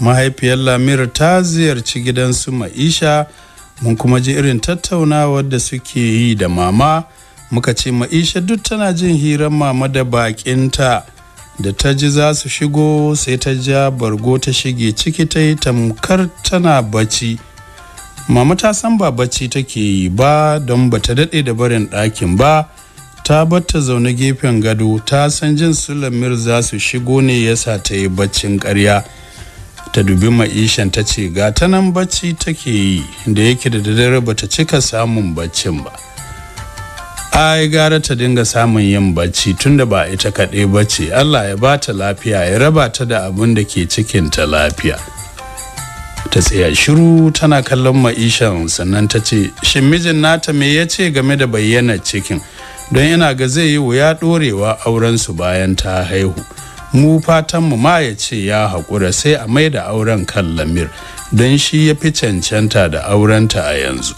mahaifiyar lamir ta ziyarci gidansu ma'isha mun kuma ji irin tattaunawar da suke yi da mama muka ce ma'isha duk tana jin hirar mama da bakinta da ta ji za su shigo sai ta ja bargo ta shige ciki ta yi tamkar tana bacci mama ta san ba bacci take yi ba don ba ta daɗe da barin ɗakin ba ta batta zaune gefen gado ta san jin sulamir za su shigo ne yasa ta yi baccin karya. ta dubi ma'ishan ta ce ga ta nan bacci take yi da yake da dare ba ta cika samun baccin ba ai gara ta dinga samun yin bacci tunda ba ita kaɗai bacci allah ya ba ta lafiya ya raba ta da abin da ke cikin ta lafiya ta tsaya shiru tana kallon ma'ishan sannan ta ce shin mijin nata me ya ce game da bayyana cikin don yana ga zai yi wuya ɗorewa auren su bayan ta haihu mu fatanmu ma ya ce ya haƙura sai a mai da auren kan lamir don shi ya fi cancanta da aurenta a yanzu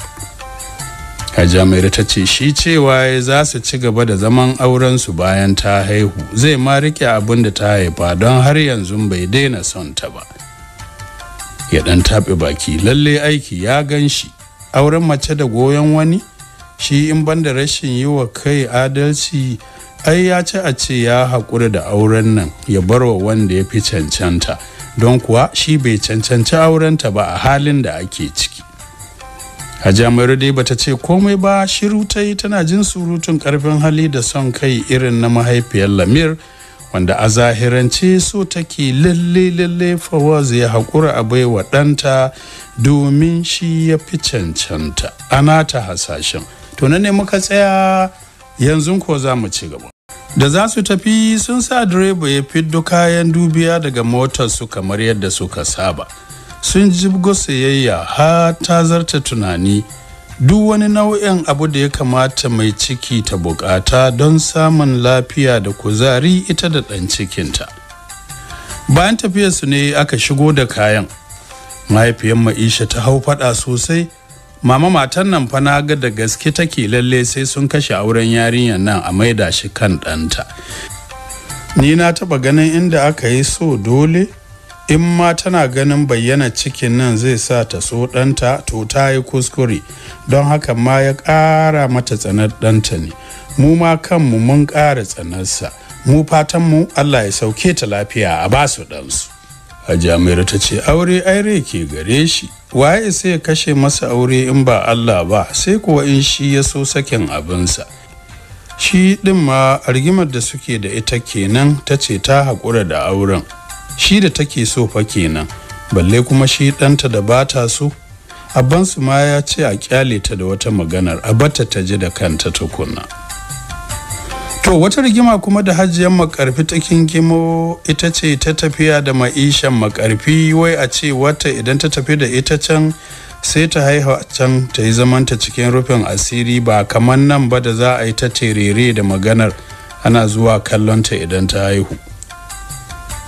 hajjamaira ta ce shi cewa za su ci gaba da zaman aurensu bayan ta haihu zai ma rike abin da ta haifa don har yanzu bai daina son ta ba ya dan taɓe baki lalle aiki ya gan shi auren mace da goyon wani shi in banda rashin yi wa kai adalci ai ya ci a ce ya haƙura da auren nan ya barwa wanda ya fi cancanta don kuwa shi bai cancanci aurenta ba a halin da ake ciki jami'ar dai ta ce komai ba shiru ta yi tana jin surutun karfin hali da son kai irin na mahaifiyar lamir wanda a zahirance so take lalle lalle fawaz ya haƙura a baiwa ɗanta domin shi ya fi cancanta ana ta hasashen to na ne muka tsaya yanzu ko za mu ci gaba da za su tafi sun sa direba ya fiddo kayan dubiya daga motarsu kamar yadda suka saba sun jibgo sayayya har ta zarta tunani duk wani nau'in abu da ya kamata mai ciki ta bukata don samun lafiya da kuzari ita da ɗan cikinta bayan tafiyarsu ne aka shigo da kayan mahaifiyar ma'isha ta hau faɗa sosai mama matan nan fa na ga da gaske take lalle sai sun kashe auren yarinyar nan a maida shi kan ɗanta ni na taba ganin inda aka yi so dole in ma tana ganin bayyana cikin nan zai sa ta so ɗanta to ta yi kuskure don haka ma ya ƙara mata tsanar ɗanta ne mu ma kanmu mun ƙara tsanarsa mu fatanmu allah ya sauke ta lafiya a basu ɗansu a jami'ar ta ce aure aire ke gare shi waye sai kashe masa aure in ba Allah ba sai kuwa in shi ya so sakin abinsa shi ɗin ma argimar da suke da ita kenan ta ce ta haƙura da auren shi da take so fa kenan balle kuma shi ɗanta da bata ta so abansu ma ya ce a kyale ta da wata maganar a bata ta ji da kanta tukuna. to wata rigima kuma da hajiyar makarfi ta kingimo ita ce ta tafiya da ma'ishan makarfi wai a ce wata idan ta tafi da ita can sai ta haihu can ta yi zamanta cikin rufin asiri ba kamar nan ba da za a yi ta terere da maganar ana zuwa kallonta idan ta haihu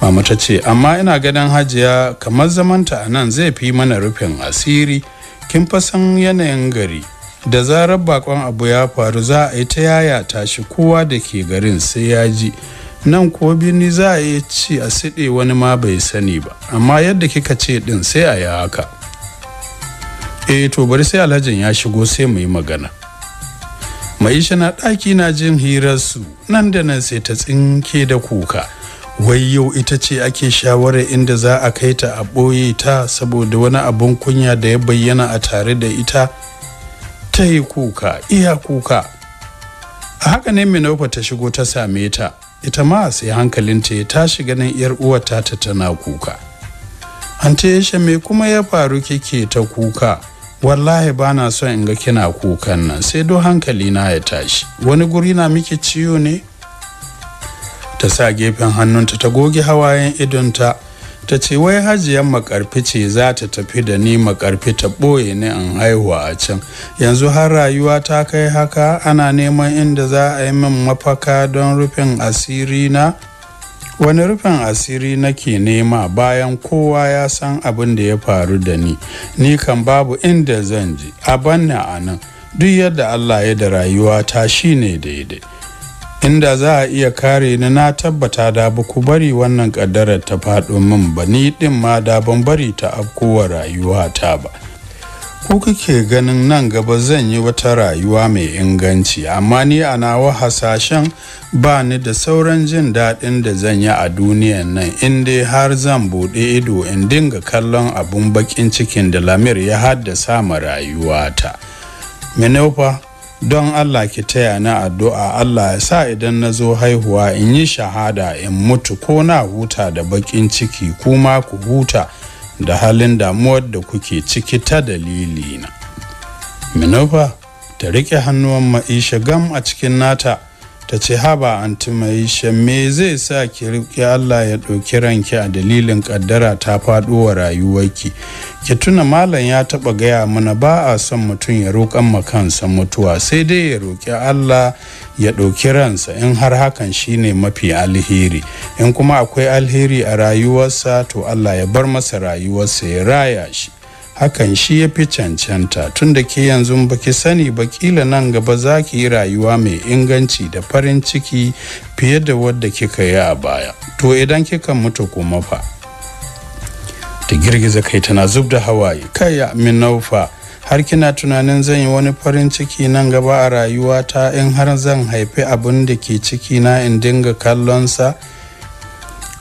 mama ta ce amma ina ganin hajiya kamar zamanta a nan zai fi mana rufin asiri kin fasan yanayin gari da zarar bakon abu ya faru za a yi ta yaya tashi kowa da ke garin sai ya ji nan ko birni za a yi ci a siɗe wani ma bai sani ba amma yadda kika ce din sai a yi haka eh to bari sai alhajin ya shigo sai mu yi magana maisha na ɗaki na jin hirar su nan da nan sai ta tsinke da kuka wai yau ita ce ake shawarar inda za a kai ta a ɓoye ta saboda wani abun kunya da ya bayyana a tare da ita ta yi kuka iya kuka a haka ne minofa ta shigo ta same ta ita ma sai hankalinta ya tashi ganin yar uwata ta tana kuka anta yashe me kuma ya faru kike ta kuka wallahi ba na son in ga kina kukan nan sai do hankali na ya tashi wani guri na miki ciwo ne ta sa gefen hannunta ta goge hawayen idonta ta ce wai hajiyar makarfi ce za ta tafi da ni makarfi ta ɓoye ni in haihuwa a can yanzu har rayuwa ta kai haka ana neman inda za a yi min mafaka don rufin asiri na wani rufin asiri nake nema bayan kowa ya san abin da ya faru da ni ni kan babu inda zan ji, a banna a nan duk yadda allah ya da rayuwa ta shine daidai inda za a iya kare ni na tabbata da ba ku bari wannan kaddarar ta faɗo min ba ni ɗin ma da ban bari ta afkowa rayuwa ta ba ku kake ganin nan gaba zan yi wata rayuwa mai inganci amma ni a nawa hasashen ba ni da sauran jin daɗin da zan yi a duniyan nan in dai har zan buɗe ido in dinga kallon abun baƙin cikin da lamir ya haddasa ma rayuwata menofa don Allah ki taya na addu'a Allah ya sa idan na zo haihuwa in yi shahada in mutu ko na huta da bakin ciki kuma ku huta da halin damuwar da kuke ciki ta dalilina. Minofa ta riƙe hannuwan ma'isha gam a cikin nata. ta ce haba anti me zai sa ki riƙe Allah ya ɗauki ranki a dalilin ƙaddara ta faɗo wa rayuwarki ki tuna malam ya taɓa gaya mana ba a son mutum ya roƙan ma kansa mutuwa sai dai ya roƙi Allah ya ɗauki ransa in har hakan shine mafi alheri in kuma akwai alheri a rayuwarsa to Allah ya bar masa rayuwarsa ya raya shi hakan shi ya fi cancanta tun da ke yanzu ki sani ba kila nan gaba za ki yi rayuwa mai inganci da farin ciki fiye da wadda kika yi a baya to idan kika mutu kuma fa ta girgiza kai tana zub da hawaye kai ya minaufa har kina tunanin zan yi wani farin ciki nan gaba a rayuwata in har zan haifi abin da ke ciki na in dinga kallonsa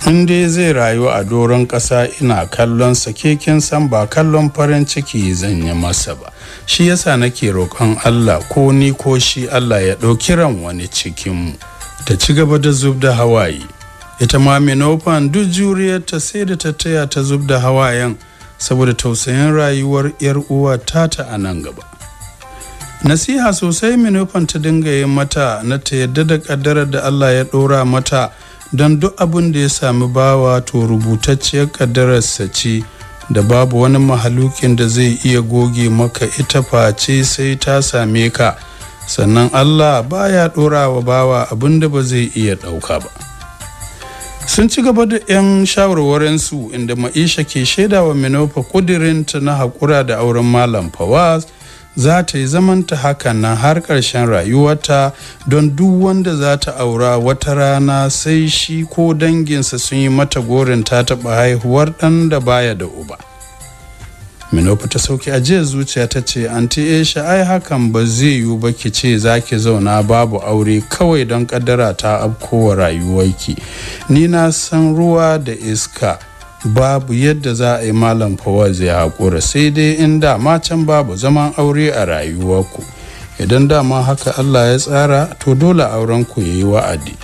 in dai zai rayu a doron ƙasa ina kallon keken san ba kallon farin ciki zan yi masa ba shi yasa nake roƙon allah ko ni ko shi allah ya ɗauki ran wani cikinmu ta ci gaba da zub da hawaye ita ma minofan duk juriyarta sai da ta taya ta zub da hawayen saboda tausayin rayuwar 'yar uwa tata a nan gaba nasiha sosai minofan ta dinga yin mata na ta yadda da ƙaddarar da allah ya ɗora mata don duk abin da ya sami bawa to rubutacciyar ƙaddararsa ce da babu wani mahalukin da zai iya goge maka ita face sai ta same ka sannan Allah baya ɗorawa wa bawa abin da ba zai iya ɗauka ba sun ci gaba da 'yan shawarwarinsu inda ma'isha ke shaidawa minofa kudirinta na haƙura da auren malam fawaz za ta yi zamanta hakan nan har ƙarshen rayuwata don duk wanda za ta aura wata rana sai shi ko danginsa sun yi mata gorin ta taɓa haihuwar ɗan da baya da uba minofa ta sauki a jiya zuciya ta ce anti esha ai hakan ba zai yiwu ba ki ce za ki zauna babu aure kawai don kaddara ta afkowa rayuwarki ni na san ruwa da iska babu yadda za a yi malam fawaz ya haƙura sai dai in dama can babu zaman aure a rayuwarku idan dama haka allah ya tsara to dole aurenku ya yi wa'adi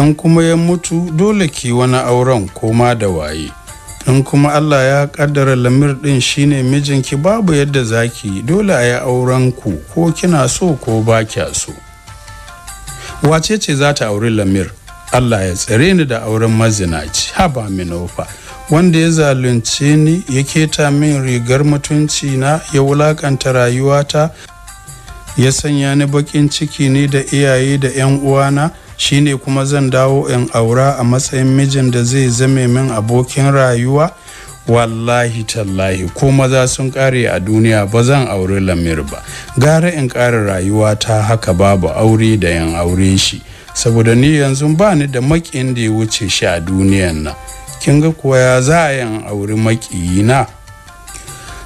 in kuma ya mutu dole ki wani auren koma da waye in kuma allah ya kaddara lamir din shine mijinki babu yadda za yi, dole a yi auren ku ko kina so ko ba kya so wace ce za ta auri lamir allah ya tsare ni da auren mazinaci haba minofa wanda ya zalunce ni ya keta min rigar mutunci na ya wulakanta rayuwata ya sanya ni bakin ciki ne da iyaye da 'yan uwana shine kuma zan dawo in aura a matsayin mijin da zai zame min abokin rayuwa wallahi tallahi ko maza sun kare a duniya ba zan aure lamir ba gara in kare rayuwa ta haka babu aure da yan aure shi saboda ni yanzu ba ni da makin da ya wuce shi a duniyan nan kin ga kuwa ya za a yin auri makiyina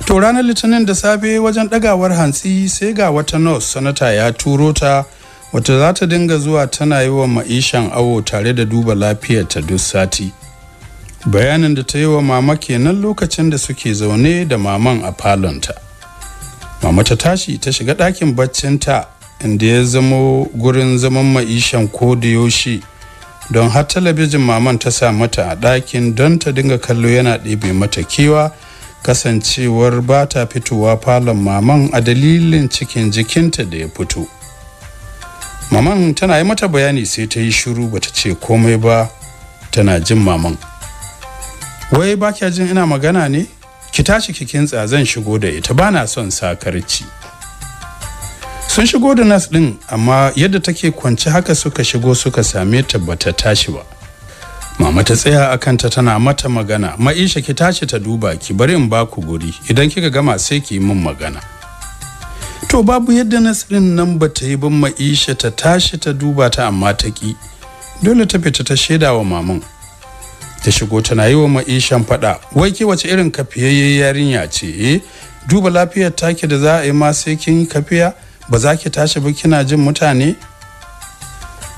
to ranar litinin da safe wajen dagawar hantsi sai ga wata nurse sanata ya turo ta wata za ta dinga zuwa tana yi wa ma'ishan awo tare da duba lafiyarta duk sati bayanin da ta yi wa mama kenan lokacin da suke zaune da maman a falonta mama ta tashi ta shiga ɗakin baccinta inda ya zamo gurin zaman ma'ishan ko da yaushe don har talabijin maman ta sa mata a ɗakin don ta dinga kallo yana ɗebe mata kewa kasancewar ba ta fitowa falon maman a dalilin cikin jikinta da ya fito maman tana yi mata bayani sai ta yi shiru bata ce komai ba tana jin maman wai ba jin ina magana ne ki tashi ki kintsa zan shigo da ita bana son sakarci sun shigo da nas din amma yadda take kwance haka suka shigo suka same ta bata tashi ba mama ta tsaya a kanta tana mata magana ma'isha ki tashi ta duba ki bari in baku guri idan kika gama sai ki yi min magana to babu yadda nas din nan ba ta yi bin ma'isha ta tashi ta duba ta amma ta ki dole ta fita ta shaida wa maman ta shigo tana yi wa ma'ishan faɗa wai ke wace irin kafiyayye yarinya ce eh duba lafiyar take da za a yi ma sai kin kafiya ba za ki tashi ba kina jin mutane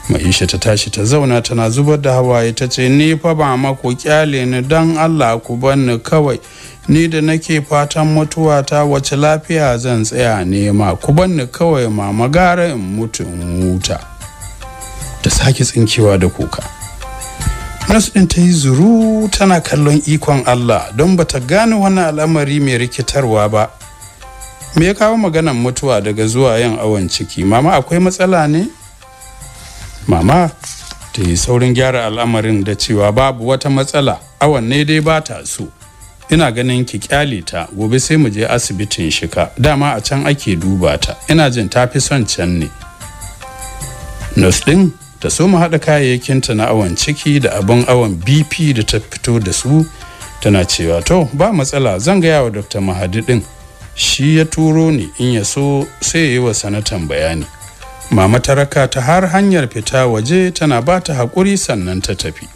maisha ta tashi ta zauna tana zubar da hawaye ta ce ni fa ba mako kyale ni dan allah ku banni kawai ni da nake fatan mutuwa ta wace lafiya zan tsaya nema ku banni kawai mama gara in mutu in muta ta sake tsinkewa da kuka Nasu ɗin ta yi zuru tana kallon ikon allah don bata gane wani al'amari mai rikitarwa ba me ya kawo maganan mutuwa daga zuwa 'yan awon ciki mama akwai matsala ne mama ta yi saurin gyara al'amarin da cewa babu wata matsala awon ne dai ba ta so ina ganin ki kyale ta gobe sai mu je asibitin shika dama a can ake duba ta ina jin ta fi son can ne nurse din ta so mu haɗa ta na awon ciki da abin awon bp da ta fito da su tana cewa to ba matsala zan gaya wa dr mahadi din shi ya turo ni in ya so sai ya yi wa sanatan bayani mama ta ta har hanyar fita waje tana ba ta haƙuri sannan ta tafi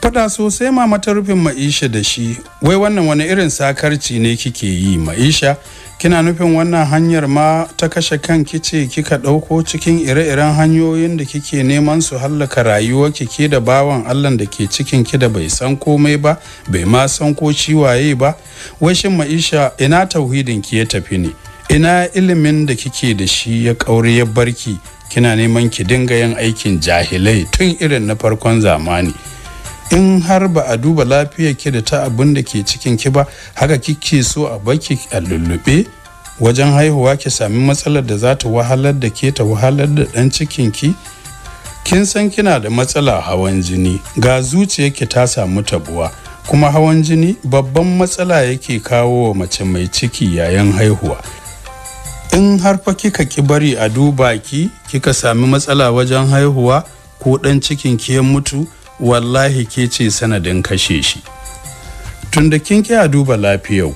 fada sosai mama ta rufin ma'isha da shi wai wannan wani irin sakarci ne kike yi ma'isha kina nufin wannan hanyar ma ta kashe kan kice kika ɗauko cikin ire-iren hanyoyin da kike neman su hallaka rayuwar ke da bawan allah da ke cikin ki da bai san komai ba bai ma san ko ciwaye ba washin ma'isha ina tauhidin ki ya tafi ne ina ilimin da kike da shi ya kauri ya barki kina neman ki dinga yin aikin jahilai tun irin na farkon zamani in har ba a duba lafiyar ki da ta abin da ke cikin ki ba haka kike so a baki a lullube wajen haihuwa ki sami matsalar da za ta wahalar da ke ta wahalar da dan cikin ki kin san kina da matsala hawan jini ga ki ta samu tabuwa kuma hawan jini babban matsala yake kawo wa mace mai ciki yayin haihuwa in har fa kika ki bari a duba ki kika sami matsala wajen haihuwa ko dan cikin ki ya mutu wallahi ke ce sanadin kashe shi tun da kin ki a duba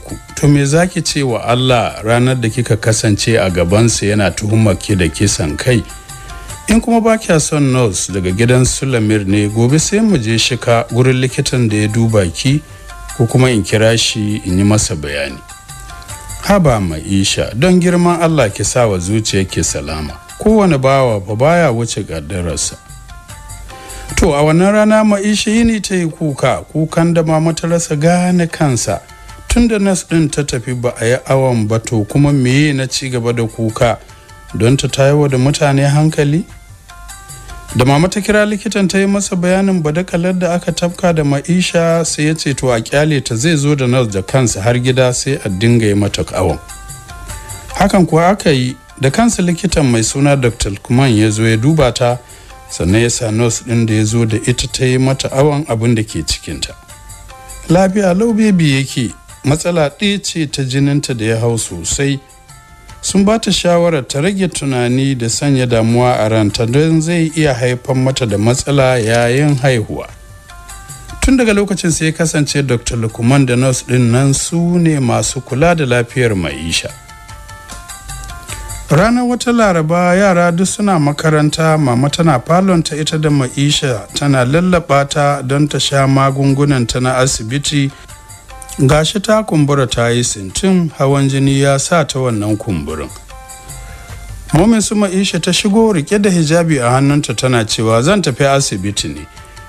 ku. to me za ki ce wa allah ranar da kika kasance a gabansa yana tuhumar ki da kisan kai in kuma ba kya son nos daga gidan sulamir ne gobe sai mu je shika gurin likitan da ya duba ki ko kuma in kira shi in yi masa bayani haba ma'isha don girman allah ki sa wa ki salama kowane bawa ba baya wuce ƙaddararsa to a wannan rana ma'isha yini ta yi kuka kukan da mama ta rasa gane kansa tun da nas ɗin ta tafi ba a yi awon ba to kuma meye na ci gaba da kuka don ta wa da mutane hankali da mama ta kira likitan ta yi masa bayanin badakalar da aka tafka da ma'isha sai ya ce to a kyale ta zai zo da nas da kansa har gida sai a dinga yi mata awon hakan kuwa aka yi da kansa likitan mai suna dr kuman ya zo ya duba ta sannan ya sa nos ɗin da ya zo da ita ta yi mata awon abin da ke cikinta lafiya lau bebi yake matsala ɗaya ce ta jininta da ya hau sosai sun ba ta shawara ta rage tunani da sanya damuwa a ranta don zai iya haifar mata da matsala yayin haihuwa tun daga lokacin sai kasance dr lukman da nurse ɗin nan su ne masu kula da lafiyar maisha ranar wata laraba yara duk suna makaranta mama tana falonta ita da ma'isha tana lallaba ta don ta sha magungunan ta na asibiti gashi ta kumbura ta yi sintin hawan jini ya sa ta wannan kumburin momin su ma'isha ta shigo rike da hijabi a hannunta tana cewa zan tafi asibiti ne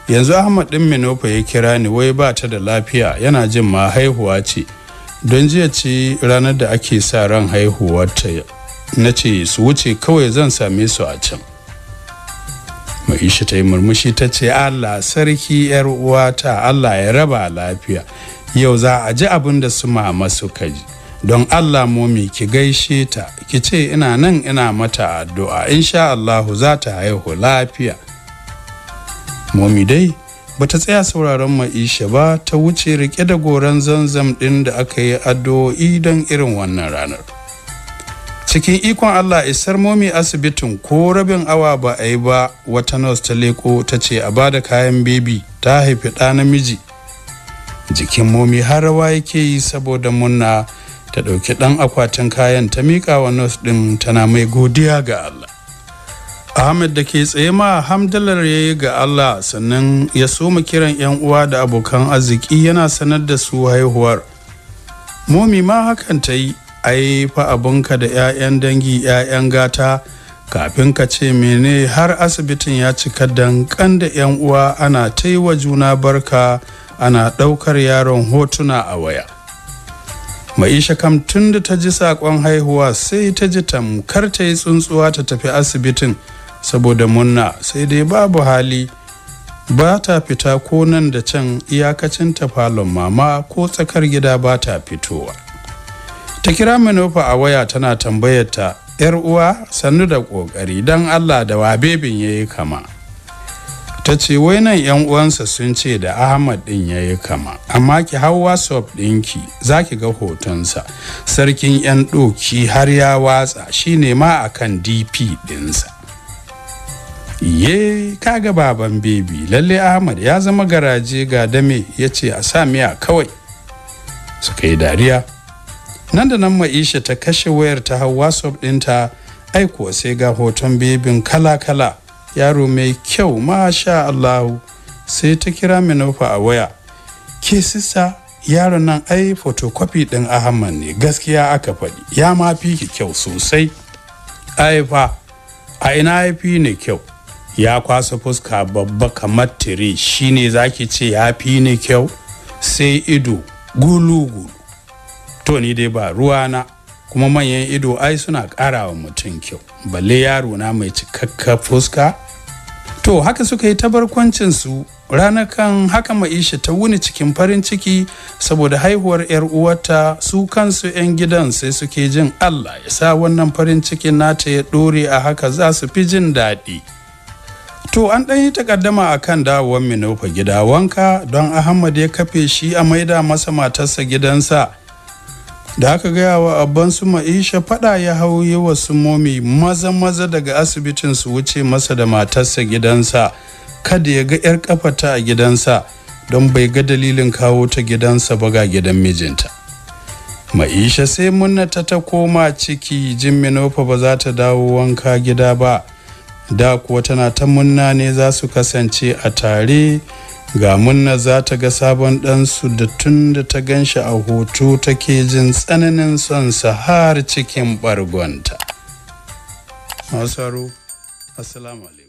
yanzu ahmad din minofa ya kira ni wai ba ta da lafiya yana jin ma haihuwa ce don jiya ce ranar da ake sa ran haihuwar ta na ce su wuce kawai zan same su a can maisha ta yi murmushi ta ce allah sarki yar uwata allah ya raba lafiya yau za a ji abin da su mama ka ji don allah momi ki gaishe ta ki ce ina nan ina mata addu'a insha allahu za ta haihu lafiya momi dai bata tsaya sauraron ma'isha ba ta wuce rike da goron zanzam ɗin da aka yi addu'o'i don irin wannan ranar cikin ikon allah isar momi asibitin ko rabin awa ba a yi ba wata nurse ta leko ta ce a bada kayan bebi ta haifi ɗa namiji jikin momi har rawa yake yi saboda munna ta ɗauki ɗan akwatin kayan ta miƙa wa nurse ɗin tana mai godiya ga allah ahmed da ke tsaye ma hamdalar ya yi ga allah sannan ya soma kiran 'yan uwa da abokan arziki yana sanar da su haihuwar momi ma hakan ta yi ai fa abunka da 'ya'yan dangi 'ya'yan gata kafin ka ce mene har asibitin ya cika dankan da 'yan uwa ana ta yi wa juna barka ana ɗaukar yaron hotuna a waya maisha kam tun da ta ji saƙon haihuwa sai ta ji tamkar ta yi tsuntsuwa ta tafi asibitin saboda munna sai dai babu hali ba ta fita ko nan da can iyakacin falon mama ko tsakar gida ba ta fitowa ta kira manufa a waya tana tambayar ta yar uwa sannu da kokari don allah da wa bebin ya yi kama ta ce wai nan yan uwansa sun ce da ahmad din ya yi kama amma ki hau whatsapp ɗinki za ki ga hotonsa sarkin yan ɗoki har ya watsa shi ne ma a kan dp ɗinsa ye kaga baban bebi lalle ahmad ya zama garaje ga dame ya ce a sa miya kawai suka yi dariya nan da nan ma'isha ta kashe wayar ta hau whatsapp dinta aikuwa sai ga hoton bebin kala-kala yaro mai kyau masha allahu sai ta kira minofa a waya ke sissa yaron nan ai photocopy din ahmad ne gaskiya aka faɗi ya ma fi ki kyau sosai ai fa a ina ya fi ni kyau ya kwasa fuska babba kamar tire shine zaki ce ya fi ni kyau sai ido gulu to ni dai ba ruwa na kuma manyan ido ai suna ƙara wa mutum kyau balle yaro na mai cikakka fuska to haka suka yi su, ranar kan haka ma'isha ta wuni cikin farin ciki saboda haihuwar 'yar uwarta su kansu 'yan gidan sai suke jin allah ya sa wannan farin cikin nata ya dore a haka za su fi jin daɗi to an ɗan yi takaddama a kan dawowar minofa gida wanka don ahmad ya kafe shi a maida masa matarsa gidansa da aka gaya wa abban su ma'isha fada ya hau yi wa su momi maza maza daga asibitin su wuce masa da matarsa gidansa kada ya ga 'yar kafata a gidansa don bai ga dalilin kawo ta gidansa ba ga gidan mijinta ma'isha sai munnata ta koma ciki jin minofa ba za ta dawo wanka gida ba da kuwa tana ta munna ne za su kasance a tare ga munna za ta ga sabon ɗansu da tun da ta gan shi a hoto take jin tsananin son sa har cikin bargonta. Masaru, Assalamu alaikum.